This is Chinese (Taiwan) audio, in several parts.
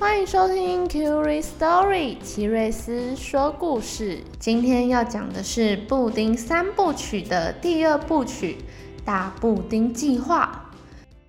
歡迎收聽《Curious Story》，奇瑞斯說故事。今天要講的是《布丁三部曲》的第二部曲《大布丁計劃》。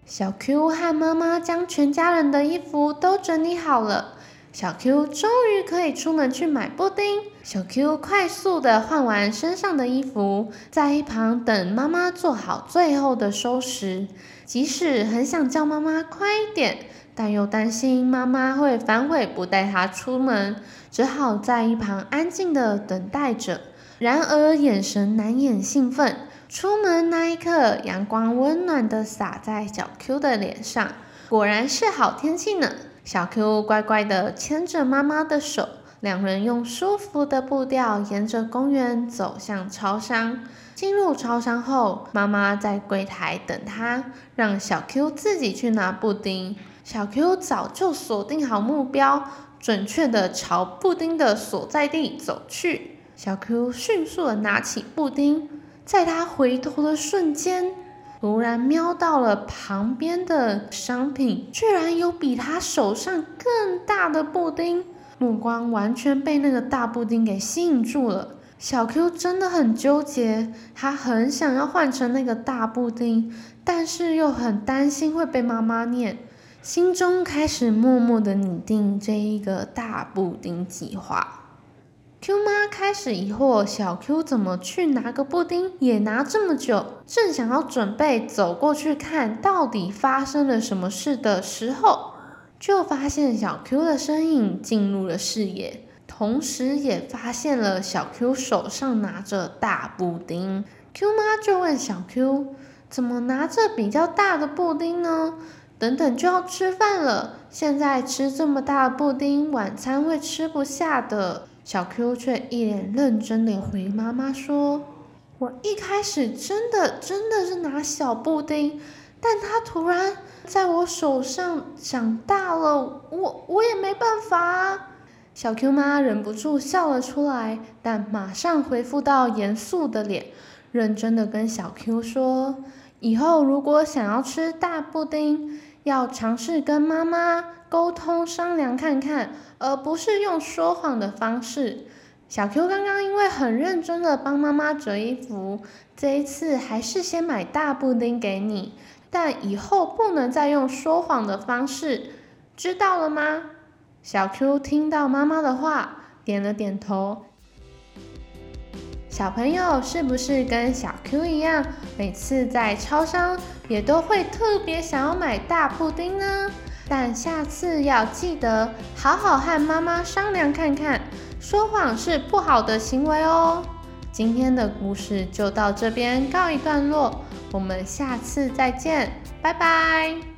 小 Q 和媽媽將全家人的衣服都整理好了。小 Q 終於可以出門去買布丁。小 Q 快速的換完身上的衣服，在一旁等媽媽做好最後的收拾。即使很想叫媽媽快一點，但又擔心媽媽會反悔不帶他出門，只好在一旁安靜的等待着。然而眼神難掩興奮。出門那一刻，陽光溫暖的灑在小 Q 的臉上，果然是好天氣呢。小 Q 乖乖地牽着媽媽的手，兩人用舒服的步調沿着公園走向超商。進入超商後，媽媽在櫃檯等他，讓小 Q 自己去拿布丁。小 Q 早就鎖定好目標，準確地朝布丁的所在地走去。小 Q 迅速地拿起布丁，在他回頭的瞬間。突然瞄到了旁邊的商品，居然有比他手上更大的布丁，目光完全被那個大布丁給吸引住了。小 Q 真的很糾結，他很想要換成那個大布丁，但是又很擔心會被媽媽念，心中開始默默的擬定這一個大布丁計劃。Q 媽開始疑惑，小 Q 怎麼去拿個布丁也拿這麼久？正想要準備走過去看到底發生了什麼事的時候，就發現小 Q 的身影進入了視野，同時也發現了小 Q 手上拿着大布丁。Q 媽就問小 Q：“ 怎麼拿着比較大的布丁呢？等等就要吃飯了，現在吃這麼大的布丁，晚餐會吃不下的。”小 Q 卻一臉認真地回媽媽說：“我一開始真的真的是拿小布丁，但它突然在我手上長大了，我我也沒辦法。”小 Q 媽忍不住笑了出來，但馬上恢復到嚴肅的臉，認真地跟小 Q 說：“以後如果想要吃大布丁，要嘗試跟媽媽。”溝通商量看看，而不是用說謊的方式。小 Q 剛剛因為很認真地幫媽媽折衣服，這一次還是先買大布丁給你，但以後不能再用說謊的方式。知道了嗎？小 Q 聽到媽媽的話，點了點頭。小朋友是不是跟小 Q 一樣，每次在超商也都會特別想要買大布丁呢？但下次要記得好好和媽媽商量看看，說謊是不好的行為哦。今天的故事就到這邊告一段落，我們下次再見，拜拜。